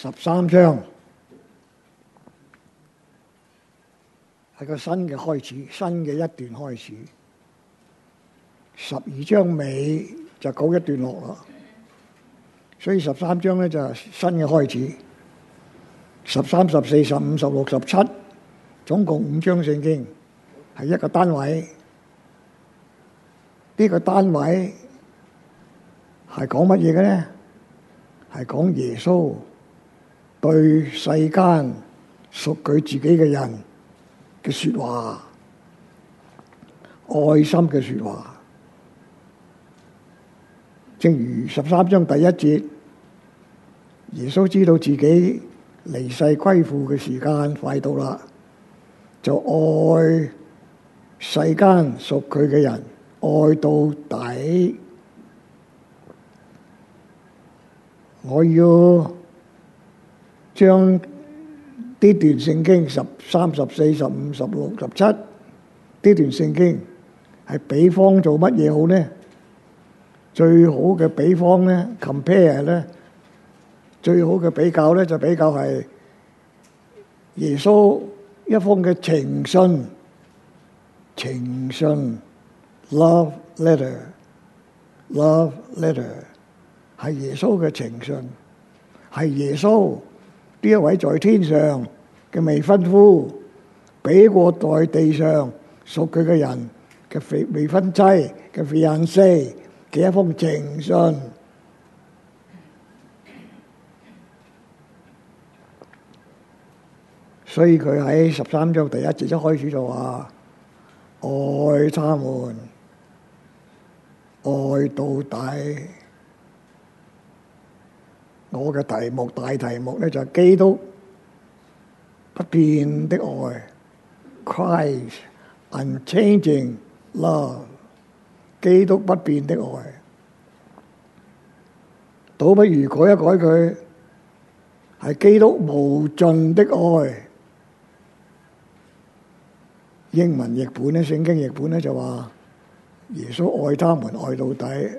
十三章係個新嘅開始，新嘅一段開始。十二章尾就告一段落啦，所以十三章咧就是新嘅開始。十三、十四、十五、十六、十七，總共五章聖經係一個單位。呢個單位係講乜嘢嘅呢？係講耶穌。對世間屬佢自己嘅人嘅說話，愛心嘅說話，正如十三章第一節，耶穌知道自己離世歸父嘅時間快到啦，就愛世間屬佢嘅人，愛到底，我要。將呢段聖經十三十四十五十六十七呢段聖經係比方做乜嘢好呢？最好嘅比方咧，compare 咧，最好嘅比較咧就比較係耶穌一封嘅情信，情信，love letter，love letter 係耶穌嘅情信，係耶穌。呢一位在天上嘅未婚夫，俾過在地上屬佢嘅人嘅未婚妻嘅 fiancée，嘅一封情信，所以佢喺十三章第一節一開始就話：「愛他們，愛到底。」我嘅題目，大題目咧就係基督不變的愛，Christ Unchanging Love，基督不變的愛，倒不如改一改佢，係基督無盡的愛。英文譯本咧，聖經譯本咧就話，耶穌愛他們愛到底。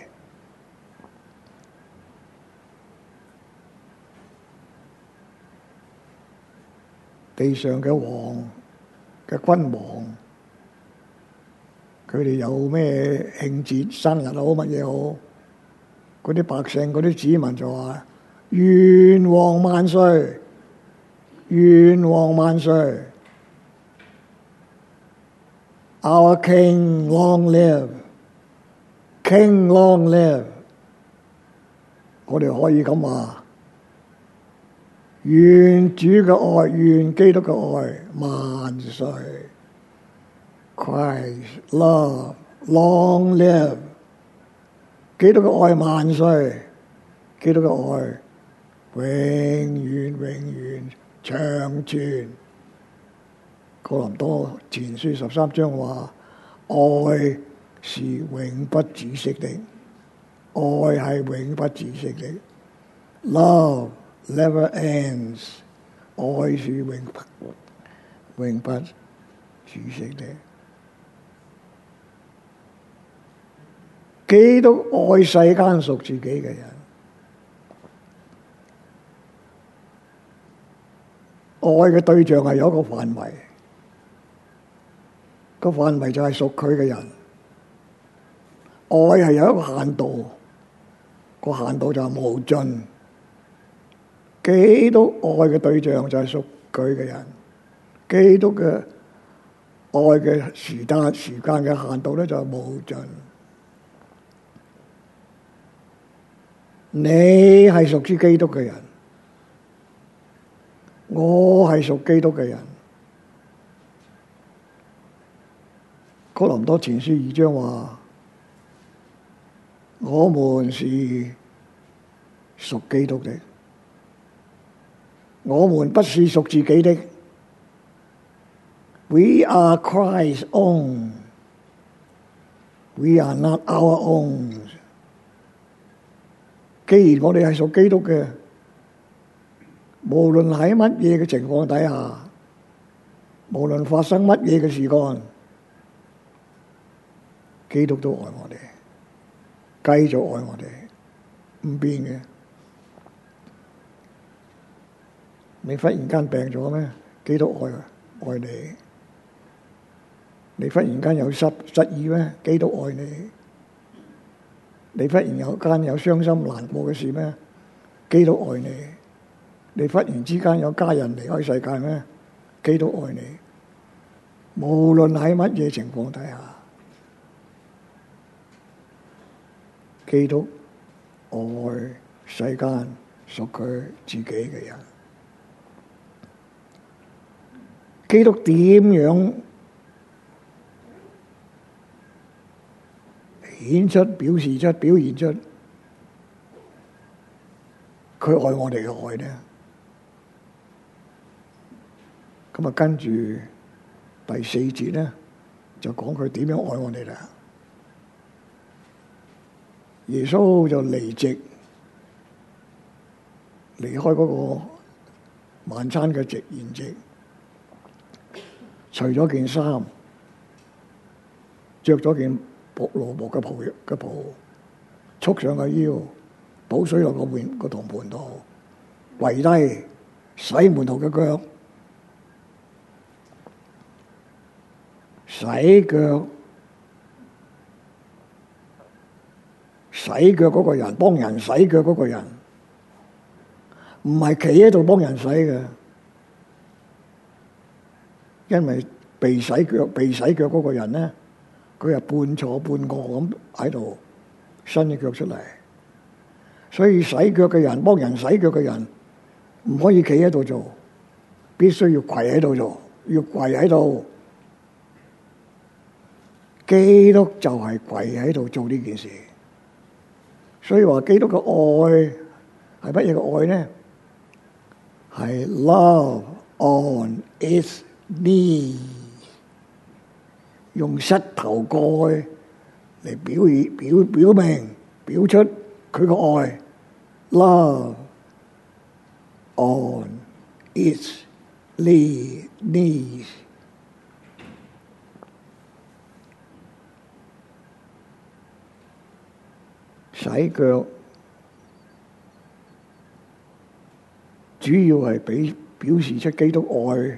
地上嘅王嘅君王，佢哋有咩慶節生日好乜嘢好？嗰啲百姓、嗰啲子民就話：願王萬歲，願王萬歲。Our King long live，King long live。我哋可以咁話。願主嘅愛，願基督嘅愛萬歲。Christ love long live。Lived. 基督嘅愛萬歲，基督嘅愛永遠永遠長存。哥林多前書十三章話：愛是永不止息的，愛係永不止息的。Love。never ends，愛是永不永不止息的。基督愛世間屬自己嘅人，愛嘅對象係有一個範圍，個範圍就係屬佢嘅人，愛係有一個限度，個限度就係無盡。基督愛嘅對象就係屬佢嘅人，基督嘅愛嘅時間、時間嘅限度咧就係無盡。你係屬於基督嘅人，我係屬基督嘅人。哥林多前書二章話：我們是屬於基督嘅。我們不是屬自己的。We are Christ's own. We are not our own。既然我哋係屬基督嘅，無論喺乜嘢嘅情況底下，無論發生乜嘢嘅事幹，基督都愛我哋，繼續愛我哋，唔變嘅。你忽然間病咗咩？基督愛愛你。你忽然間有失失意咩？基督愛你。你忽然間有傷心難過嘅事咩？基督愛你。你忽然之間有家人離開世界咩？基督愛你。無論喺乜嘢情況底下，基督愛世間屬佢自己嘅人。基督點樣顯出、表示出、表現出佢愛我哋嘅愛呢？咁啊，跟住第四節呢，就講佢點樣愛我哋啦。耶穌就離席，離開嗰個晚餐嘅席宴席。除咗件衫，着咗件薄羅布嘅袍嘅袍，束上個腰，倒水落個盆個銅盆度，跪低洗門徒嘅腳，洗腳，洗腳嗰個人，幫人洗腳嗰個人，唔係企喺度幫人洗嘅。因為被洗腳、被洗腳嗰個人咧，佢係半坐半卧咁喺度伸隻腳出嚟，所以洗腳嘅人、幫人洗腳嘅人唔可以企喺度做，必須要跪喺度做，要跪喺度。基督就係跪喺度做呢件事，所以話基督嘅愛係乜嘢嘅愛咧？係 love on its 呢，用膝頭蓋嚟表現表表明表出佢個愛。Love on its knees，洗腳主要係俾表示出基督愛。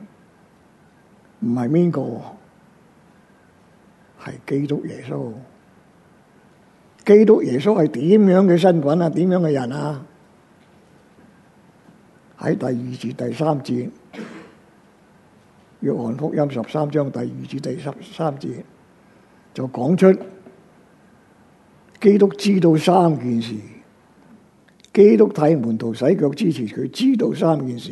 唔係邊個，係基督耶穌。基督耶穌係點樣嘅身份啊？點樣嘅人啊？喺第二節第三節，約翰福音十三章第二節第三節，就講出基督知道三件事。基督為門徒洗腳之前，佢知道三件事。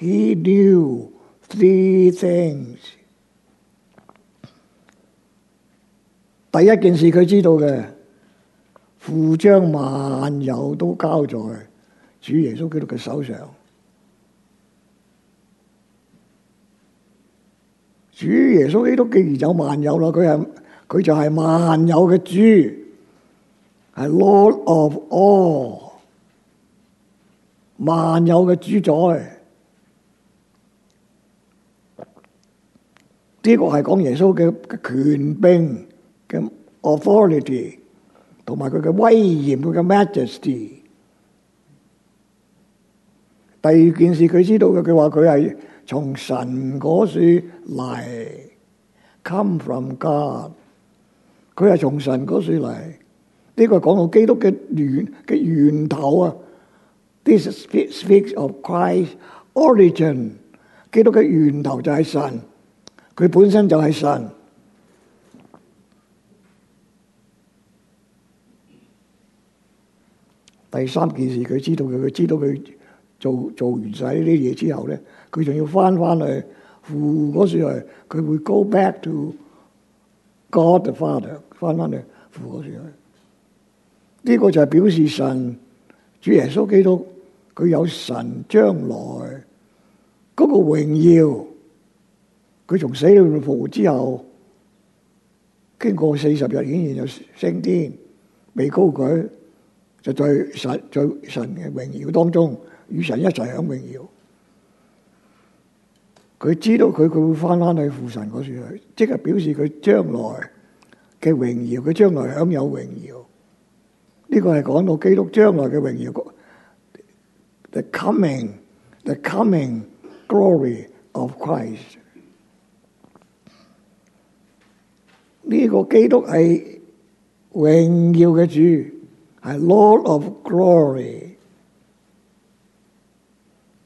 He knew 呢啲事，第一件事佢知道嘅，父將萬有都交在主耶穌基督嘅手上。主耶穌基督既然有萬有啦，佢係佢就係萬有嘅主，係 Lord of all，萬有嘅主宰。呢個係講耶穌嘅權柄嘅 authority，同埋佢嘅威嚴佢嘅 majesty。第二件事佢知道嘅，佢話佢係從神嗰處嚟，come from God。佢係從神嗰處嚟，呢個講到基督嘅源嘅源頭啊。This speaks of Christ origin。基督嘅源頭就係神。佢本身就係神。第三件事，佢知道佢，佢知道佢做做完晒呢啲嘢之後咧，佢仲要翻翻去父嗰時佢會 go back to God the Father，翻翻去父嗰時。呢個就係表示神主耶穌基督，佢有神將來嗰個榮耀。佢從死裏復活之後，經過四十日，顯現就升天，未高舉，就在神在神嘅榮耀當中，與神一齊享榮耀。佢知道佢佢會翻返去父神嗰處去，即係表示佢將來嘅榮耀，佢將來享有榮耀。呢個係講到基督將來嘅榮耀，the coming，the coming glory of Christ。呢個基督係榮耀嘅主，係 Lord of Glory。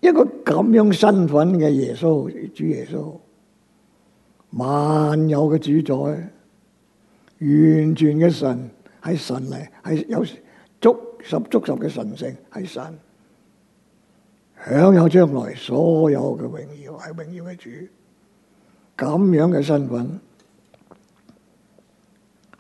一個咁樣身份嘅耶穌，主耶穌，萬有嘅主宰，完全嘅神，係神嚟，係有足十足十嘅神聖，係神，享有將來所有嘅榮耀，係榮耀嘅主，咁樣嘅身份。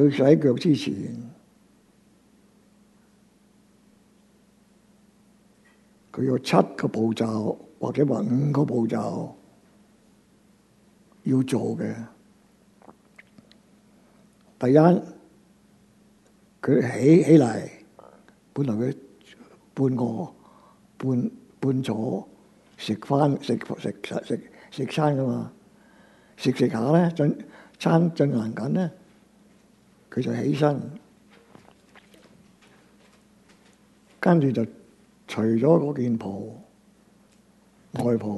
佢洗腳之前，佢有七個步驟，或者話五個步驟要做嘅。第一，佢起起嚟，本來佢半個半半坐，食翻食食食食食餐噶嘛，食食下呢，進餐進，進行緊呢。佢就起身，跟住就除咗嗰件袍外袍，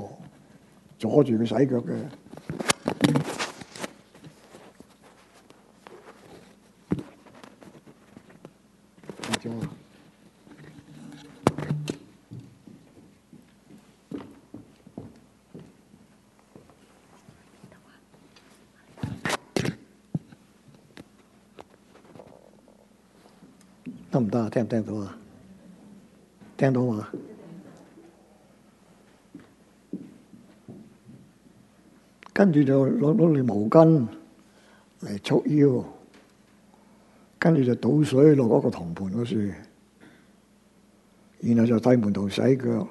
阻住佢洗腳嘅。得唔得啊？聽唔聽到啊？聽到嘛？跟住就攞攞條毛巾嚟束腰，跟住就倒水落嗰個銅盆嗰處，然後就替門徒洗腳。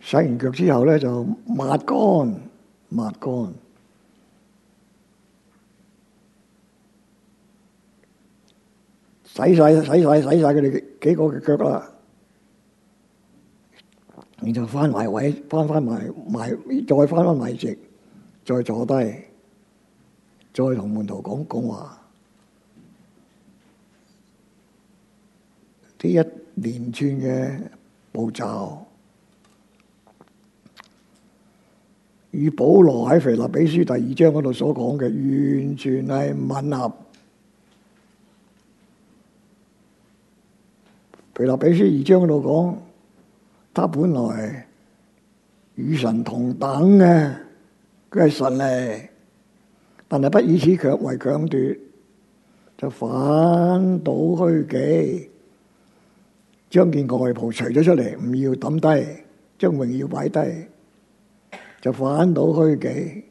洗完腳之後咧，就抹乾，抹乾。洗晒、洗晒、洗晒佢哋幾個嘅腳啦，然後翻埋位，翻翻埋埋，再翻翻位置，再坐低，再同門徒講講話，呢一連串嘅步驟，與保羅喺腓立比書第二章嗰度所講嘅完全係吻合。《腓立比書》二章嗰度講，他本來與神同等嘅，佢係神嚟，但係不以此強為強奪，就反倒虛己，將件外袍除咗出嚟，唔要抌低，將榮耀擺低，就反倒虛己。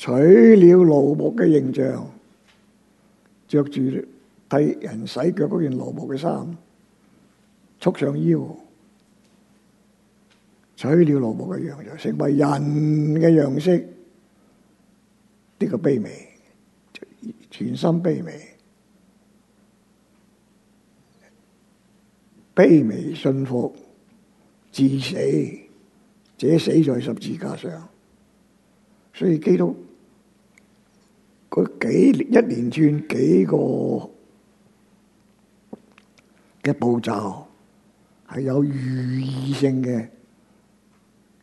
取了奴僕嘅形象，着住替人洗腳嗰件奴僕嘅衫，束上腰，取了奴僕嘅樣樣，成為人嘅樣式。呢、這個卑微，全心卑微，卑微信服，至死，且死在十字架上。所以基督。佢幾一連串幾個嘅步驟係有寓意性嘅，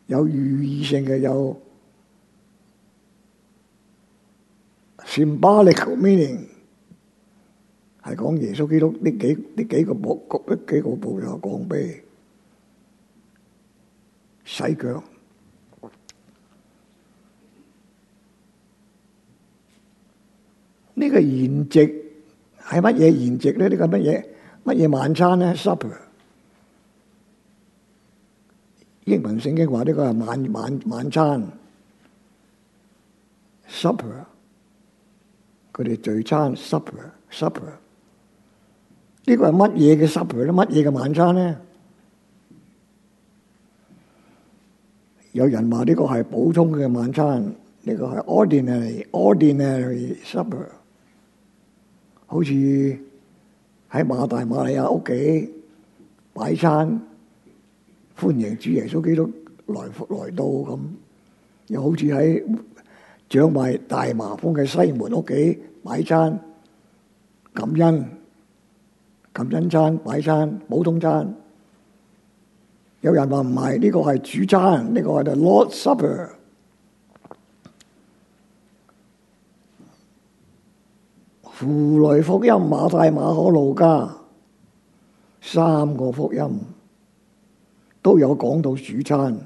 有寓意性嘅有 symbolical meaning，係講耶穌基督呢幾啲幾個步，嗰幾個步就講畀洗腳。呢個筵席係乜嘢筵席咧？呢個乜嘢乜嘢晚餐咧？Supper，英文聖經話呢個係晚晚晚餐，supper，佢哋聚餐 supper supper。呢個係乜嘢嘅 supper 咧？乜嘢嘅晚餐咧？有人話呢個係普通嘅晚餐，呢個係 ordinary ordinary supper。好似喺馬大馬利亞屋企擺餐，歡迎主耶穌基督來來到咁；又好似喺長埋大麻風嘅西門屋企擺餐，感恩感恩餐擺餐普通餐。有人話唔係，呢個係主餐，呢個係 Lord's Supper。符類福音、馬太、馬可、路加，三個福音都有講到主餐，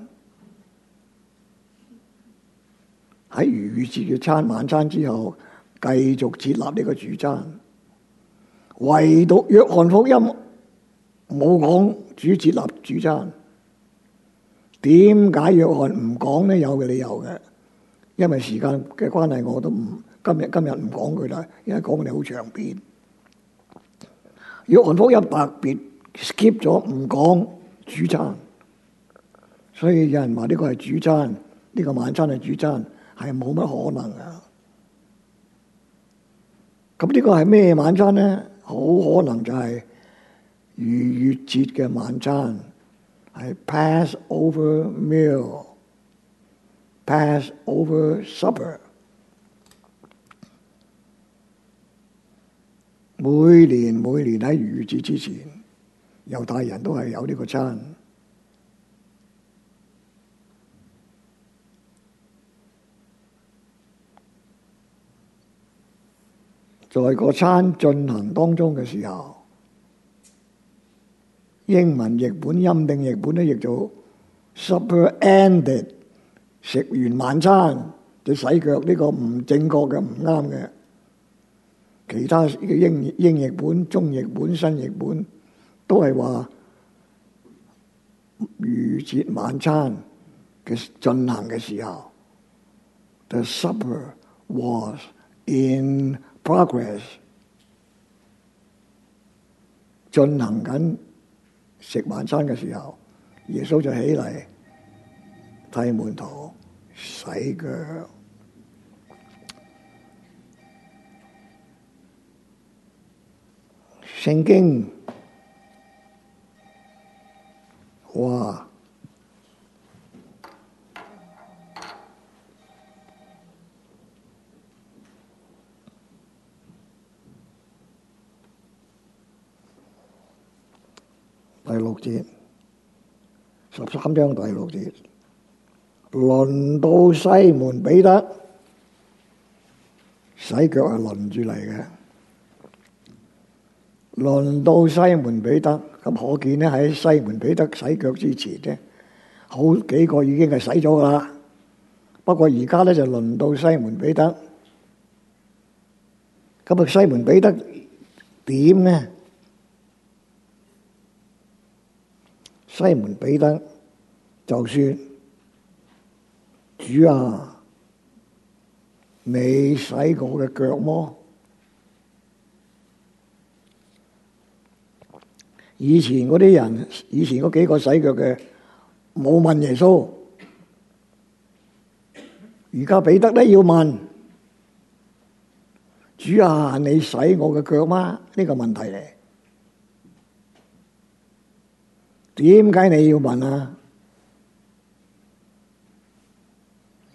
喺逾越節嘅餐晚餐之後，繼續設立呢個主餐。唯獨約翰福音冇講主設立主餐，點解約翰唔講呢？有嘅理由嘅，因為時間嘅關係，我都唔。今日今日唔講佢啦，因為講佢哋好長篇。約翰福音一百別 skip 咗唔講主餐，所以有人話呢個係主餐，呢、呢個晚餐係主餐，係冇乜可能啊。咁呢個係咩晚餐呢？好可能就係逾越節嘅晚餐，係 Passover meal、Passover supper。每年每年喺逾越節之前，猶太人都係有呢個餐。在個餐進行當中嘅時候，英文譯本、欽定譯本咧譯做 supper ended，食完晚餐就洗腳，呢、呢個唔正確嘅、唔啱嘅。其他呢個英英譯本、中譯本、新譯本都係話逾節晚餐嘅進行嘅時候，the supper was in progress 進行緊食晚餐嘅時候，耶穌就起嚟替門徒洗腳。聖經話，第六節，十三章第六節，輪到西門彼得洗腳，係輪住嚟嘅。.輪到西門彼得，咁可見呢，喺西門彼得洗腳之前呢，好幾個已經係洗咗噶啦。不過而家呢，就輪到西門彼得，咁啊西門彼得點呢？西門彼得就算主啊，未洗過嘅腳麼？以前嗰啲人，以前嗰幾個洗腳嘅，冇問耶穌。而家彼得都要問：主啊，你洗我嘅腳嗎？呢個問題呢，點解你要問啊？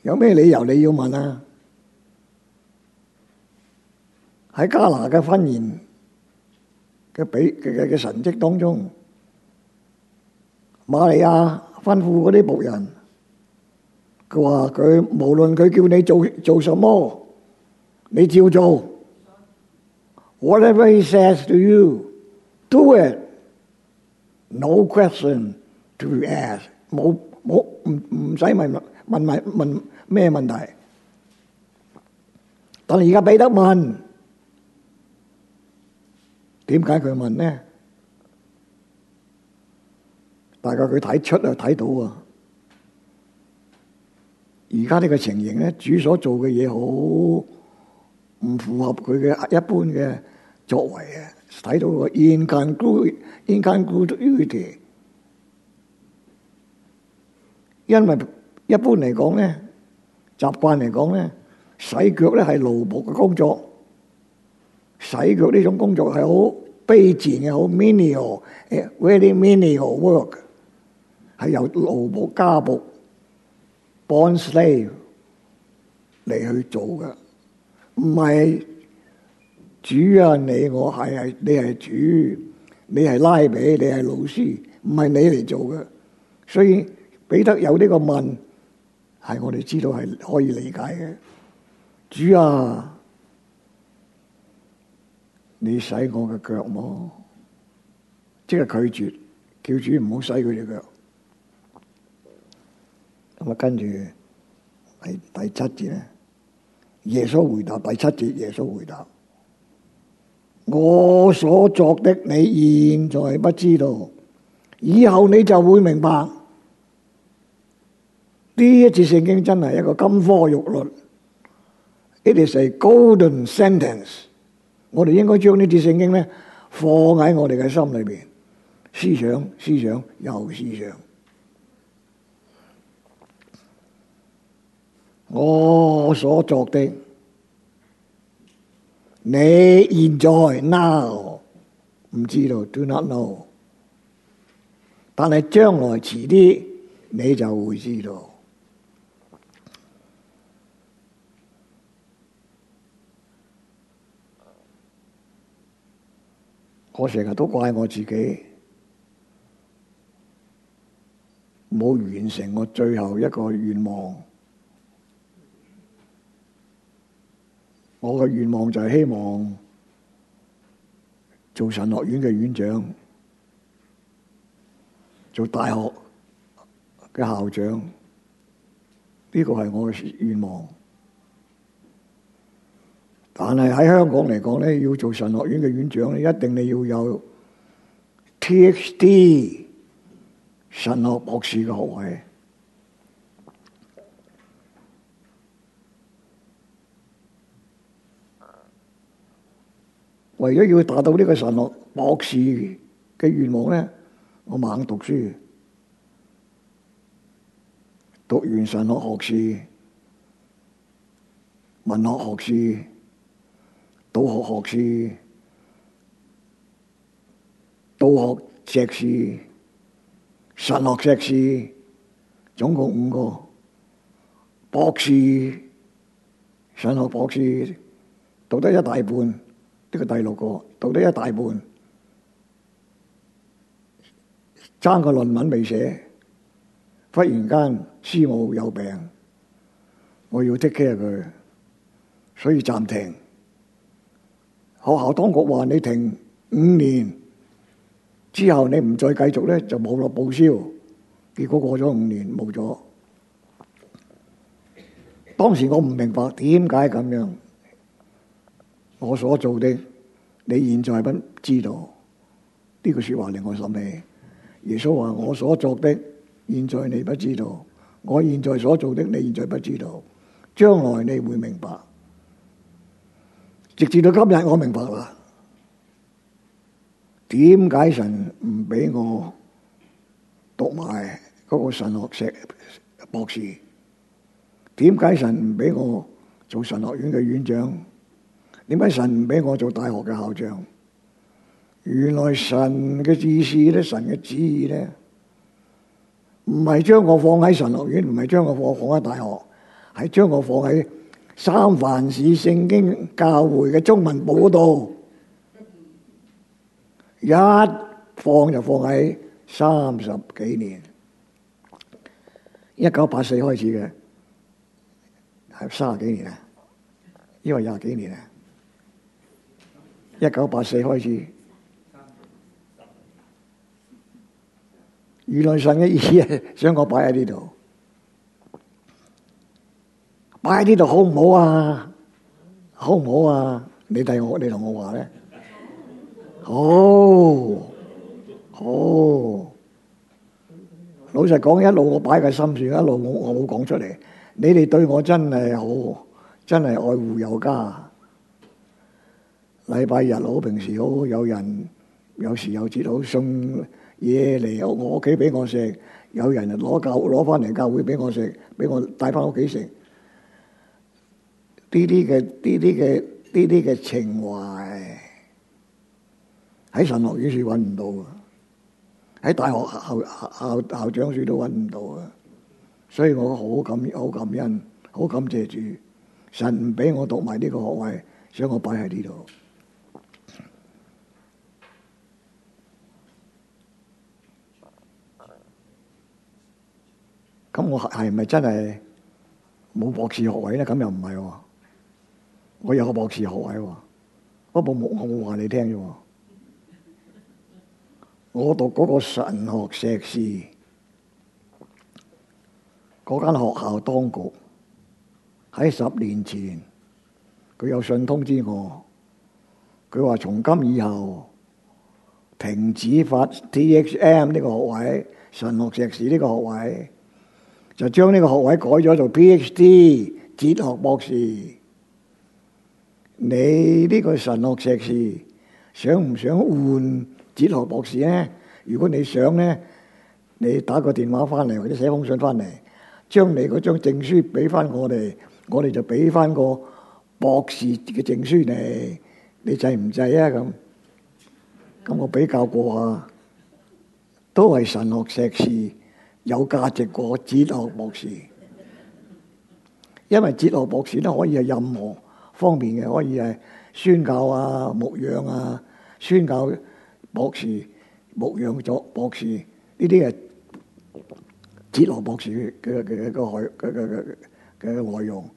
有咩理由你要問啊？喺加拿嘅婚宴。喺俾佢嘅神蹟當中，瑪利亞吩咐嗰啲僕人，佢話佢無論佢叫你做做什麼，你照做。Whatever he says to you, do it. No question to ask. 冇冇唔使問問問問咩問題。但係而家俾得問。點解佢問呢？大概佢睇出啊，睇到啊，而家呢個情形咧，主所做嘅嘢好唔符合佢嘅一般嘅作為啊！睇到個 incongruity，incongruity duty，因為一般嚟講咧，習慣嚟講咧，洗腳咧係勞碌嘅工作。洗腳呢種工作係好卑賤嘅，好 menial，very menial work，係由奴僕、家僕、bond slave 嚟去做嘅，唔係主啊！你我係係你係主，你係拉比，你係老師，唔係你嚟做嘅。所以彼得有呢個問，係我哋知道係可以理解嘅。主啊！你洗我嘅腳麼？即係拒絕，叫主唔好洗佢隻腳。咁啊，跟住係第，第七節咧。耶穌回答第七節，耶穌回答：我所作的，你現在不知道，以後你就會明白。呢一次聖經真係一個金科玉律。It is a golden sentence。我哋應該將呢啲聖經呢放喺我哋嘅心裏邊，思想、思想又思想。我所作的，你現在 Now 唔知道，do not know，但係將來遲啲你就會知道。我成日都怪我自己，冇完成我最後一個願望。我嘅願望就係希望做神學院嘅院長，做大學嘅校長。呢個係我嘅願望。但係喺香港嚟講咧，要做神學院嘅院長咧，一定你要有 T.H.D 神學博士嘅學位。為咗要達到呢個神學博士嘅願望咧，我猛讀書，讀完神學學士、文學學士。道學學士，道學碩士，神學碩士，總共五個博士，神學博士讀得一大半，呢、這個第六個讀得一大半，爭個論文未寫，忽然間師母有病，我要 take care 佢，所以暫停。學校當局話你停五年之後，你唔再繼續咧就冇落報銷。結果過咗五年冇咗。當時我唔明白點解咁樣。我所做的，你現在不知道。呢句說話令我諗起。耶穌話：我所做的，現在你不知道；我現在所做的，你現在不知道，將來你會明白。直至到今日，我明白啦。點解神唔俾我讀埋嗰個神學石博士？點解神唔俾我做神學院嘅院長？點解神唔俾我做大學嘅校長？原來神嘅意思咧，神嘅旨意咧，唔係將我放喺神學院，唔係將我放喺大學，係將我放喺。三藩市聖經教會嘅中文講道，一放就放喺三十幾年，一九八四開始嘅，係三十幾年啊，因為廿幾年啊，一九八四開始，原來上嘅意思係想我擺喺呢度。擺喺呢度好唔好啊？好唔好啊？你對我，你同我話咧，好好、 oh, oh。老實講，一路我擺個心算，一路我冇講出嚟。你哋對我真係好，真係愛護有加。禮拜日好，平時好，有人有時又接到送嘢嚟我屋企俾我食，有人就攞教攞翻嚟教會俾我食，俾我帶翻屋企食。呢啲嘅、呢啲嘅、呢啲嘅情懷喺神學院處揾唔到嘅，喺大學校校校長處都揾唔到嘅，所以我好感好感恩、好感謝主，神唔俾我讀埋呢個學位，將我擺喺呢度。咁我係咪真係冇博士學位咧？咁又唔係、哦。我有個博士學位喎，不過冇，我冇話你聽啫。我讀嗰個神學碩士，嗰間學校當局喺十年前，佢有信通知我，佢話從今以後停止發 ThM 呢個學位，神學碩士呢個學位，就將呢個學位改咗做 PhD 哲學博士。你呢個神學碩士想唔想換哲學博士呢？如果你想呢，你打個電話翻嚟或者寫封信翻嚟，將你嗰張證書俾翻我哋，我哋就俾翻個博士嘅證書你。你制唔制啊？咁咁我比較過啊，都係神學碩士有價值過哲學博士，因為哲學博士都可以係任何。方面嘅可以係宣教啊、牧養啊、宣教博士、牧養咗博士呢啲係哲學博士嘅嘅嘅個內嘅嘅嘅嘅內容，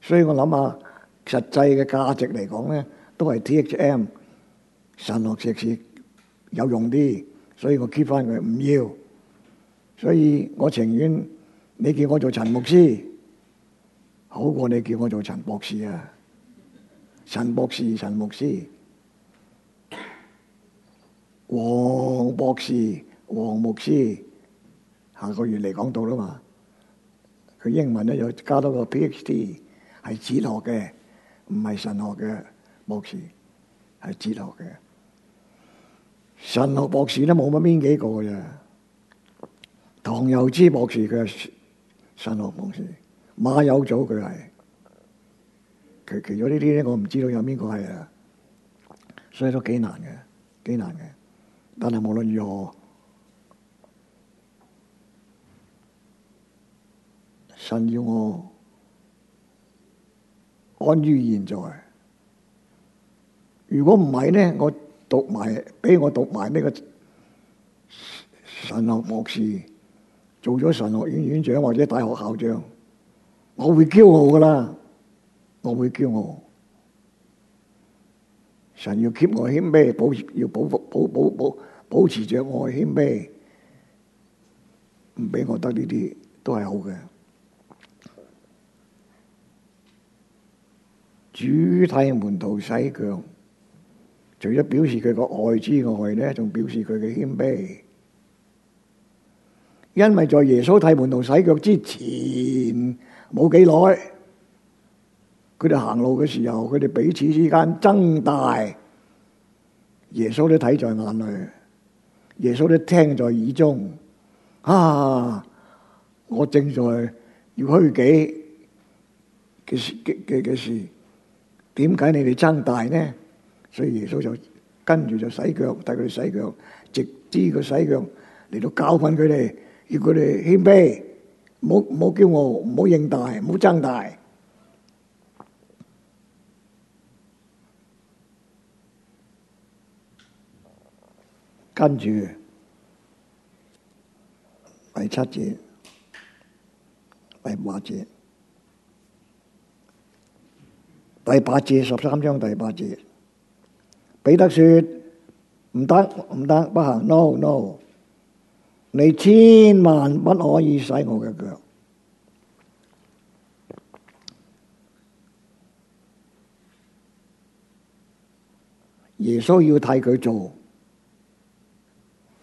所以我諗下實際嘅價值嚟講咧，都係 T H M 神學碩士有用啲，所以我 keep 翻佢唔要，所以我情願你叫我做陳牧師，好過你叫我做陳博士啊！陳博士、陳牧師、黃博士、黃牧師，下個月嚟，講到啦嘛。佢英文呢，又加多個 PhD，係哲學嘅，唔係神學嘅博士，係哲學嘅。神學博士都冇乜邊幾個嘅，唐佑之博士佢係神學博士，馬有祖佢係。其其咗呢啲咧，我唔知道有邊個係啊，所以都幾難嘅，幾難嘅。但係無論如何，神要我安於現在。如果唔係咧，我讀埋俾我讀埋呢個神學博士，做咗神學院院長或者大學校長，我會驕傲噶啦。我會叫我神要 keep 我謙卑，保要保服保保保保持住我謙卑，唔俾我得呢啲都係好嘅。主替門徒洗腳，除咗表示佢個愛之外咧，仲表示佢嘅謙卑，因為在耶穌替門徒洗腳之前冇幾耐。佢哋行路嘅時候，佢哋彼此之間爭大，耶穌都睇在眼裏，耶穌都聽在耳中。啊，我正在要虛己嘅事，嘅嘅嘅事，點解你哋爭大呢？所以耶穌就跟住就洗腳，帶佢哋洗腳，直至佢洗腳嚟到教訓佢哋，要佢哋謙卑，冇冇驕傲，唔好認大，唔好爭大。跟住，第七節，第八節，第八節十三章第八節，彼得說：唔得，唔得，不行，不行，不行，no no，你千萬不可以洗我嘅腳。耶穌要替佢做。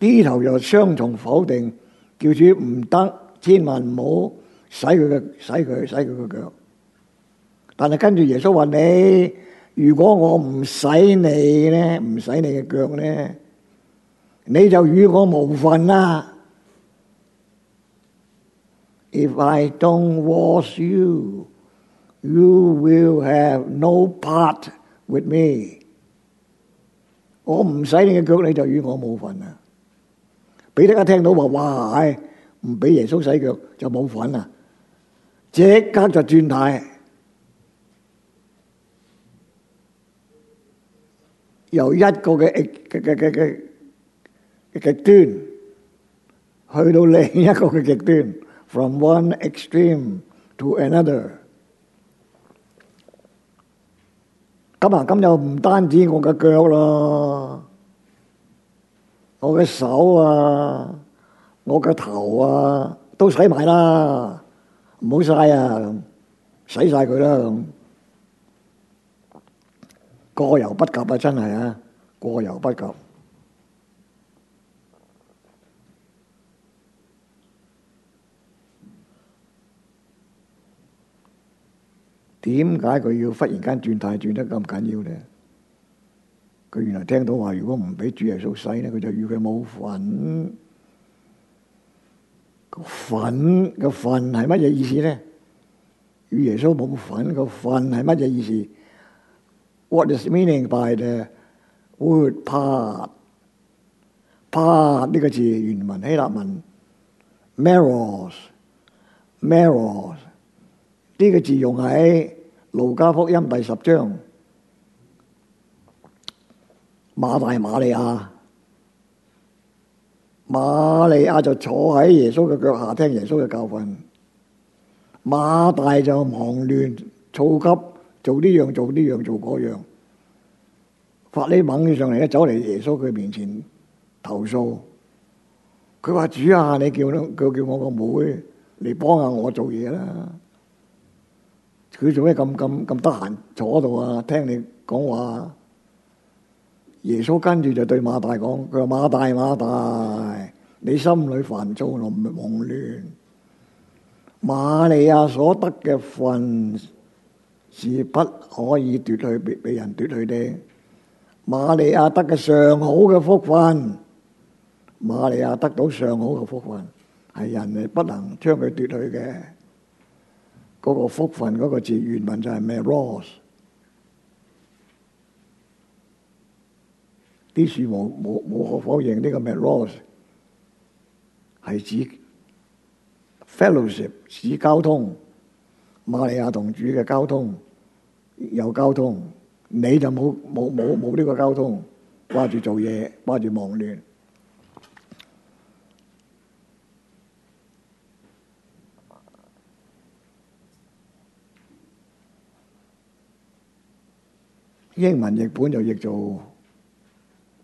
呢頭又雙重否定，叫住：「唔得，千萬唔好洗佢嘅洗佢洗佢嘅腳。但係跟住耶穌話你：如果我唔洗你呢，唔洗你嘅腳呢，你就與我無份啦。If I don't wash you, you will have no part with me。我唔洗你嘅腳，你就與我無份啦。俾大家聽到話，哇！唔俾耶穌洗腳就冇份啦，即刻就轉態，由一個嘅極極極極端，去到另一個嘅極端，from one extreme to another。咁啊，咁又唔單止我嘅腳咯。我嘅手啊，我嘅頭啊，都洗埋啦，唔好嘥啊，洗晒佢啦，咁過猶不及啊，真係啊，過猶不及。點解佢要忽然間轉態轉得咁緊要呢？佢原來聽到話，如果唔俾主耶穌洗咧，佢就與佢冇份。個份嘅份係乜嘢意思咧？與耶穌冇份嘅份係乜嘢意思？What is meaning by the word part？part 呢個字原文希臘文 meros，meros 呢個字用喺路加福音第十章。馬大馬利亞，馬利亞就坐喺耶穌嘅腳下聽耶穌嘅教訓。馬大就忙亂、躁急，做呢樣做呢樣做嗰樣，法利猛起上嚟咧，走嚟耶穌佢面前投訴。佢話：主啊，你叫佢叫我個妹嚟幫下我做嘢啦。佢做咩咁咁咁得閒坐喺度啊？聽你講話。耶穌跟住就對馬大講：佢話馬大馬大，你心裏煩躁同忙亂。瑪利亞所得嘅份是不可以奪去，被被人奪去嘅。瑪利亞得嘅上好嘅福分，瑪利亞得到上好嘅福分，係人哋不能將佢奪去嘅。嗰個福分嗰個字原文就係咩？rose。呢啲事冇冇冇可否認呢、這個 m a r o s s 係指 fellowship 指交通馬利亞同主嘅交通有交通你就冇冇冇冇呢個交通掛住做嘢掛住忙亂英文譯本就譯做。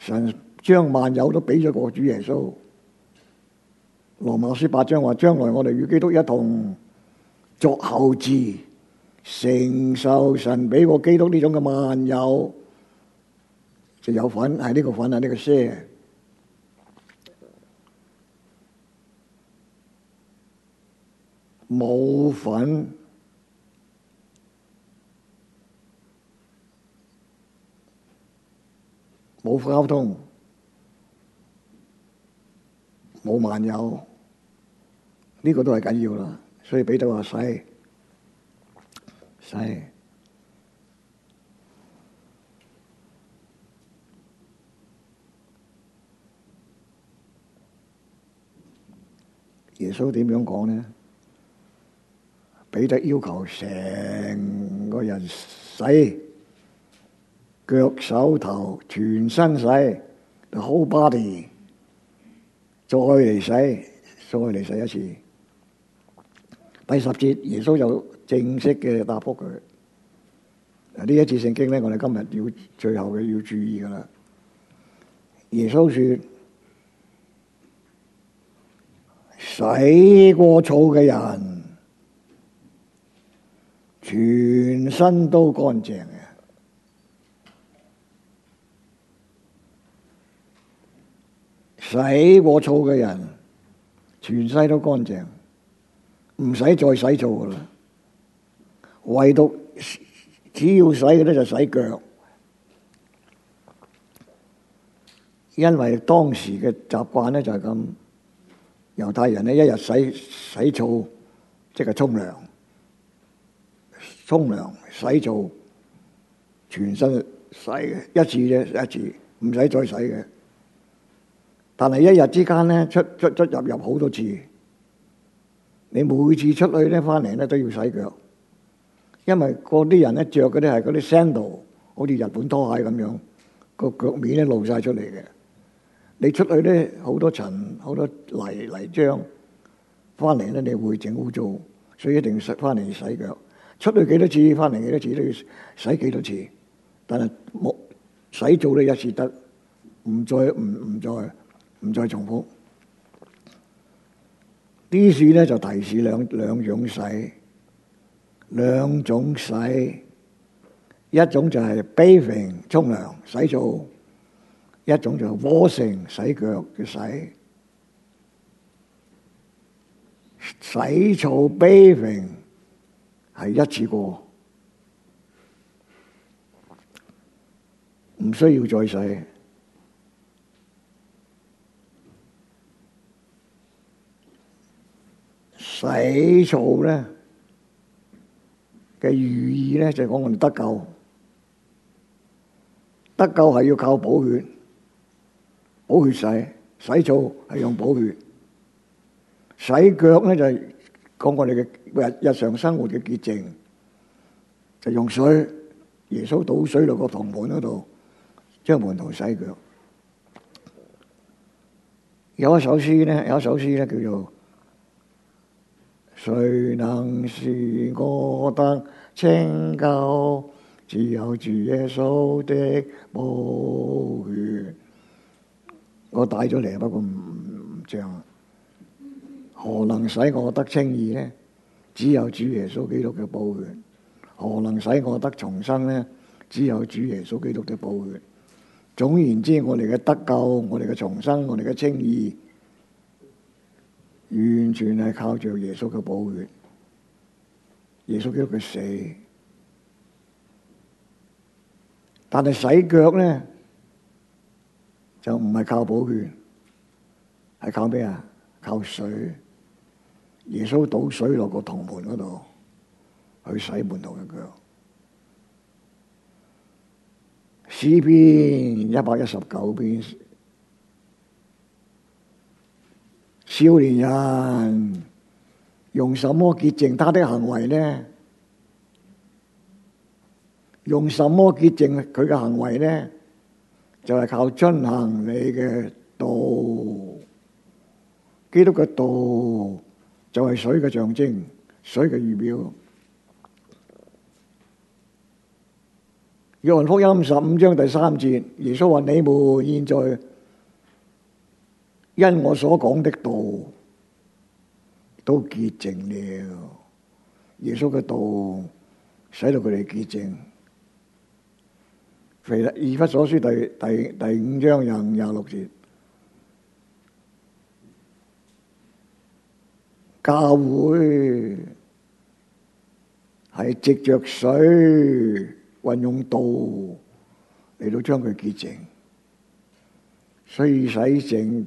神將萬有都俾咗個主耶穌。羅馬書八章話，將來我哋與基督一同作後嗣，承受神畀個基督呢種嘅萬有。就有份，係呢個份，係呢個些，冇份。冇交通，冇慢友，呢、這個都係緊要啦。所以彼得話洗，洗，耶穌點樣講呢？彼得要求成個人洗。」腳、手、頭，全身洗，好 body，再嚟洗，再嚟洗一次。第十節，耶穌就正式嘅答覆佢。呢一次聖經呢，我哋今日要最後嘅要注意噶啦。耶穌說：洗過澡嘅人，全身都乾淨洗過澡嘅人，全身都乾淨，唔使再洗澡噶啦。唯獨只要洗嘅呢，就洗腳，因為當時嘅習慣呢，就係咁。猶太人呢一日洗洗澡，即係沖涼，沖涼洗澡，全身洗一次啫，一次唔使再洗嘅。但係一日之間咧，出出出入入好多次，你每次出去咧翻嚟咧都要洗腳，因為嗰啲人咧着嗰啲係嗰啲 sandal，好似日本拖鞋咁樣，個腳面咧露晒出嚟嘅。你出去咧好多塵，好多泥泥漿，翻嚟咧你會整污糟，所以一定要洗翻嚟洗腳。出去幾多次，翻嚟幾多次都要洗幾多次。但係冇洗澡咧一次得，唔再唔唔再。唔再重複，呢次呢，就提示兩兩種洗，兩種洗，一種就係 bathing 沖涼洗澡，一種就係 washing 洗腳嘅洗，洗澡 bathing 係一次過，唔需要再洗。洗澡呢嘅寓意呢就係講我哋得救，得救係要靠寶血，寶血洗洗澡係用寶血。洗腳呢就係講我哋嘅日日常生活嘅潔淨，就用水耶穌倒水落個房門嗰度，將門徒洗腳。有一首詩呢，有一首詩呢叫做。誰能使我得拯救，只有主耶穌的保全。我帶咗嚟，不過唔漲。何能使我得稱義呢？只有主耶穌基督嘅保全。何能使我得重生呢？只有主耶穌基督嘅保全。總言之，我哋嘅得救，我哋嘅重生，我哋嘅稱義。完全係靠住耶穌嘅寶血，耶穌基督佢死，但係洗腳咧就唔係靠寶血，係靠咩啊？靠水，耶穌倒水落個銅盆嗰度去洗門徒嘅腳。詩篇一百一十九篇。少年人用什麼潔淨他的行為呢？用什麼潔淨佢嘅行為呢？就係、是、靠遵行你嘅道，基督嘅道就係水嘅象徵，水嘅預表。約翰福音十五章第三節，耶穌話：你們現在。因我所講的道都潔淨了，耶穌嘅道使到佢哋潔淨。腓立以弗所書，第第第五章廿五廿六節，教會係藉着水運用道嚟，到將佢潔淨，所以洗淨。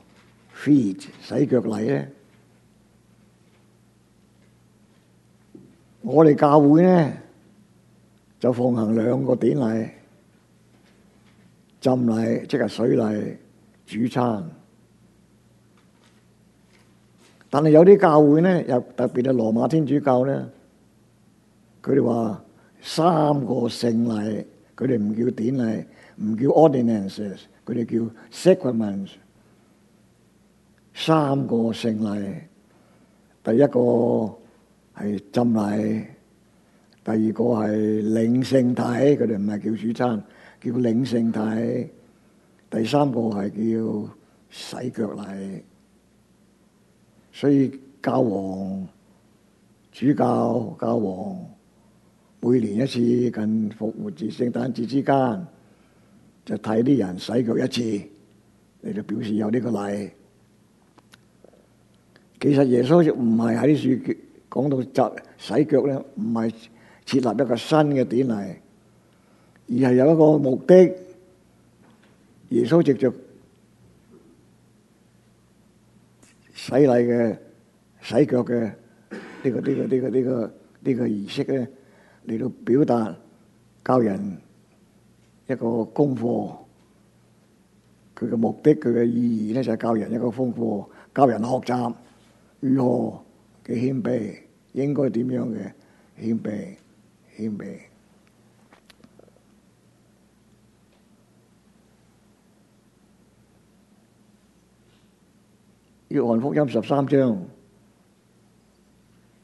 feed 洗腳禮咧，我哋教會呢就奉行兩個典禮，浸禮即係水禮、主餐。但係有啲教會呢，又特別係羅馬天主教咧，佢哋話三個聖禮，佢哋唔叫典禮，唔叫 ordinances，佢哋叫 sacraments。三個聖禮，第一個係浸禮，第二個係領聖體，佢哋唔係叫主餐，叫領聖體。第三個係叫洗腳禮。所以教皇、主教、教皇每年一次，近復活節、聖誕節之間，就睇啲人洗腳一次，你就表示有呢個禮。其實耶穌唔係喺樹講到執洗腳咧，唔係設立一個新嘅典禮，而係有一個目的。耶穌直接洗禮嘅洗腳嘅呢個呢個呢個呢個呢個儀式咧，嚟到表達教人一個功課。佢嘅目的，佢嘅意義咧，就係教人一個功課，教人學習。如何嘅謙卑，應該點樣嘅謙卑謙卑？約翰福音十三章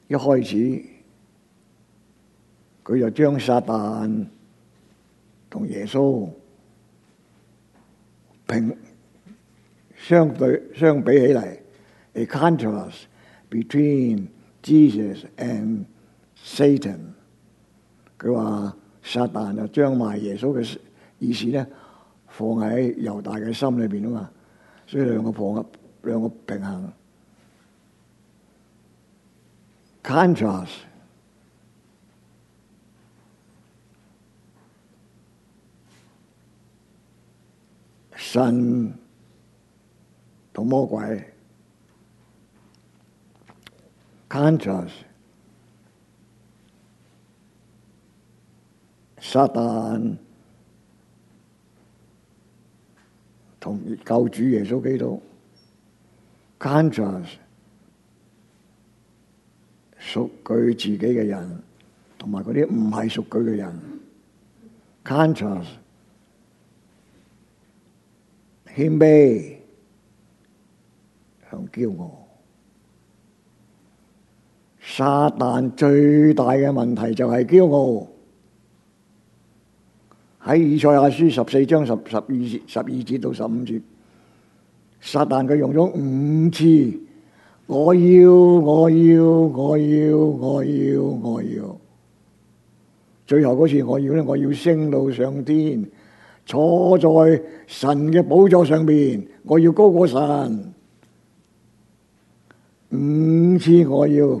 一開始，佢就將撒旦同耶穌平相對相比起嚟。A contrast，between Jesus and Satan，佢話撒旦啊，將賣耶穌嘅意思咧，放喺猶大嘅心裏邊啊嘛，所以兩個放合，兩個平衡。Contrast，神同魔鬼。Contrast，撒旦同救主耶穌基督，Contrast，屬佢自己嘅人，同埋嗰啲唔係屬佢嘅人，Contrast，謙卑同驕傲。撒旦最大嘅問題就係驕傲，喺以賽亞書十四章十十二節十二節到十五節，撒旦佢用咗五次，我要我要我要我要我要，最後嗰次我要咧，我要升到上天，坐在神嘅寶座上面，我要高過神，五次我要。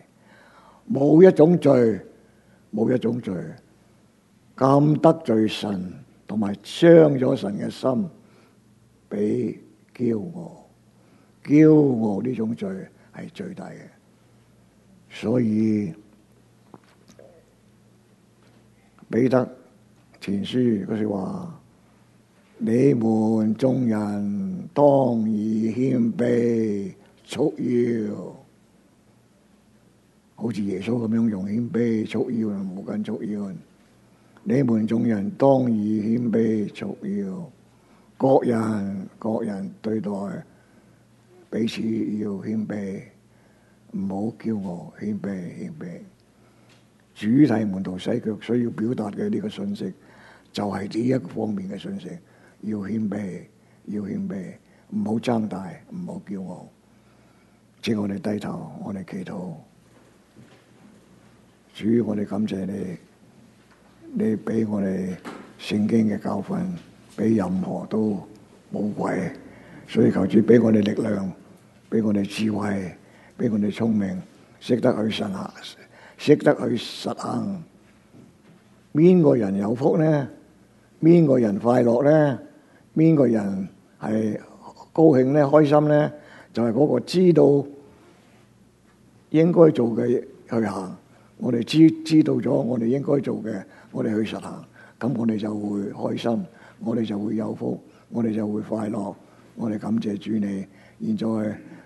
冇一種罪，冇一種罪，咁得罪神，同埋傷咗神嘅心，俾驕傲，驕傲呢種罪係最大嘅。所以彼得前書嗰句話：「你們眾人當以謙卑束腰。好似耶穌咁樣，用謙卑束腰啊，冇緊束腰。你們眾人當以謙卑束腰，各人各人對待彼此要謙卑，唔好驕傲，謙卑謙卑。主替門徒洗腳需要表達嘅呢個信息，就係呢一方面嘅信息，要謙卑，要謙卑，唔好爭大，唔好驕傲。請我哋低頭，我哋祈禱。主，我哋感謝你，你俾我哋聖經嘅教訓，比任何都寶貴。所以求主俾我哋力量，俾我哋智慧，俾我哋聰明，識得,得去實行，識得去實行。邊個人有福呢？邊個人快樂呢？邊個人係高興呢？開心呢？就係、是、嗰個知道應該做嘅去行。我哋知知道咗我哋應該做嘅，我哋去實行，咁我哋就會開心，我哋就會有福，我哋就會快樂，我哋感謝主你。現在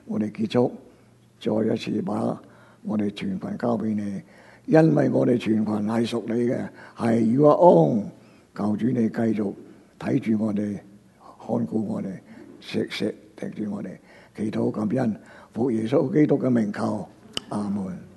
我哋結束，再一次把我哋全群交俾你，因為我哋全群係屬你嘅，係要安。求主你繼續睇住我哋，看顧我哋，食食，定住我哋，祈禱感恩，奉耶穌基督嘅名求，阿門。